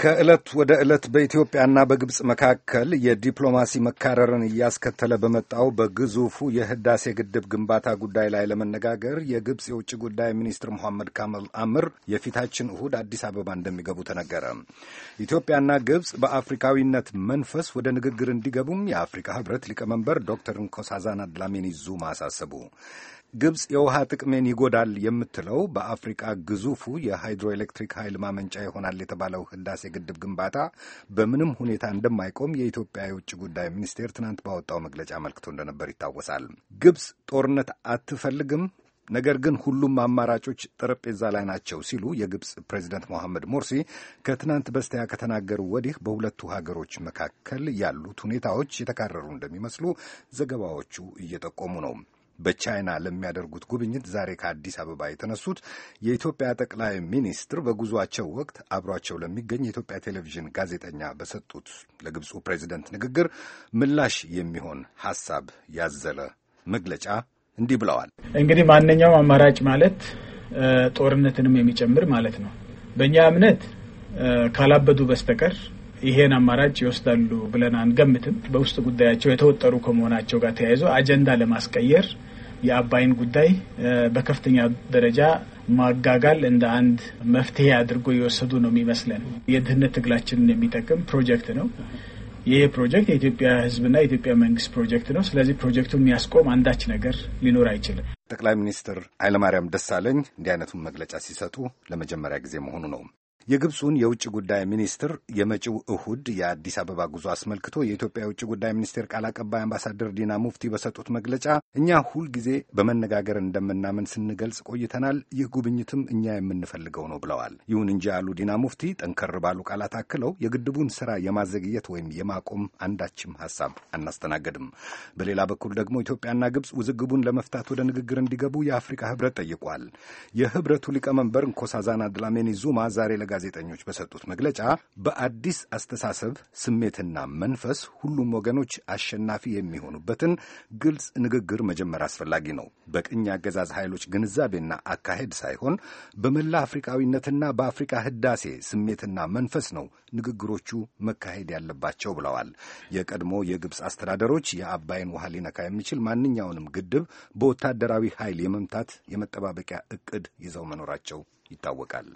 ከዕለት ወደ ዕለት በኢትዮጵያና በግብፅ መካከል የዲፕሎማሲ መካረርን እያስከተለ በመጣው በግዙፉ የህዳሴ ግድብ ግንባታ ጉዳይ ላይ ለመነጋገር የግብፅ የውጭ ጉዳይ ሚኒስትር መሐመድ ካመል አምር የፊታችን እሁድ አዲስ አበባ እንደሚገቡ ተነገረ። ኢትዮጵያና ግብፅ በአፍሪካዊነት መንፈስ ወደ ንግግር እንዲገቡም የአፍሪካ ህብረት ሊቀመንበር ዶክተር ንኮሳዛና ድላሚኒ ዙማ አሳሰቡ። ግብፅ የውሃ ጥቅሜን ይጎዳል የምትለው በአፍሪቃ ግዙፉ የሃይድሮኤሌክትሪክ ኃይል ማመንጫ ይሆናል የተባለው ህዳሴ ግድብ ግንባታ በምንም ሁኔታ እንደማይቆም የኢትዮጵያ የውጭ ጉዳይ ሚኒስቴር ትናንት ባወጣው መግለጫ አመልክቶ እንደነበር ይታወሳል። ግብፅ ጦርነት አትፈልግም፣ ነገር ግን ሁሉም አማራጮች ጠረጴዛ ላይ ናቸው ሲሉ የግብፅ ፕሬዚደንት ሞሐመድ ሞርሲ ከትናንት በስቲያ ከተናገሩ ወዲህ በሁለቱ ሀገሮች መካከል ያሉት ሁኔታዎች የተካረሩ እንደሚመስሉ ዘገባዎቹ እየጠቆሙ ነው። በቻይና ለሚያደርጉት ጉብኝት ዛሬ ከአዲስ አበባ የተነሱት የኢትዮጵያ ጠቅላይ ሚኒስትር በጉዟቸው ወቅት አብሯቸው ለሚገኝ የኢትዮጵያ ቴሌቪዥን ጋዜጠኛ በሰጡት ለግብፁ ፕሬዚደንት ንግግር ምላሽ የሚሆን ሀሳብ ያዘለ መግለጫ እንዲህ ብለዋል። እንግዲህ ማንኛውም አማራጭ ማለት ጦርነትንም የሚጨምር ማለት ነው። በእኛ እምነት ካላበዱ በስተቀር ይሄን አማራጭ ይወስዳሉ ብለን አንገምትም። በውስጥ ጉዳያቸው የተወጠሩ ከመሆናቸው ጋር ተያይዞ አጀንዳ ለማስቀየር የአባይን ጉዳይ በከፍተኛ ደረጃ ማጋጋል እንደ አንድ መፍትሄ አድርጎ የወሰዱ ነው የሚመስለን። የድህነት ትግላችንን የሚጠቅም ፕሮጀክት ነው። ይህ ፕሮጀክት የኢትዮጵያ ሕዝብና የኢትዮጵያ መንግስት ፕሮጀክት ነው። ስለዚህ ፕሮጀክቱን የሚያስቆም አንዳች ነገር ሊኖር አይችልም። ጠቅላይ ሚኒስትር ኃይለማርያም ደሳለኝ እንዲህ አይነቱን መግለጫ ሲሰጡ ለመጀመሪያ ጊዜ መሆኑ ነው። የግብፁን የውጭ ጉዳይ ሚኒስትር የመጪው እሁድ የአዲስ አበባ ጉዞ አስመልክቶ የኢትዮጵያ የውጭ ጉዳይ ሚኒስቴር ቃል አቀባይ አምባሳደር ዲና ሙፍቲ በሰጡት መግለጫ እኛ ሁልጊዜ በመነጋገር እንደምናምን ስንገልጽ ቆይተናል፣ ይህ ጉብኝትም እኛ የምንፈልገው ነው ብለዋል። ይሁን እንጂ አሉ ዲና ሙፍቲ ጠንከር ባሉ ቃላት አክለው የግድቡን ስራ የማዘግየት ወይም የማቆም አንዳችም ሀሳብ አናስተናገድም። በሌላ በኩል ደግሞ ኢትዮጵያና ግብፅ ውዝግቡን ለመፍታት ወደ ንግግር እንዲገቡ የአፍሪካ ህብረት ጠይቋል። የህብረቱ ሊቀመንበር ንኮሳዛና ድላሜኒ ዙማ ዛሬ ለጋ ለጋዜጠኞች በሰጡት መግለጫ በአዲስ አስተሳሰብ ስሜትና መንፈስ ሁሉም ወገኖች አሸናፊ የሚሆኑበትን ግልጽ ንግግር መጀመር አስፈላጊ ነው። በቅኝ አገዛዝ ኃይሎች ግንዛቤና አካሄድ ሳይሆን በመላ አፍሪካዊነትና በአፍሪካ ህዳሴ ስሜትና መንፈስ ነው ንግግሮቹ መካሄድ ያለባቸው ብለዋል። የቀድሞ የግብፅ አስተዳደሮች የአባይን ውሃ ሊነካ የሚችል ማንኛውንም ግድብ በወታደራዊ ኃይል የመምታት የመጠባበቂያ እቅድ ይዘው መኖራቸው ይታወቃል።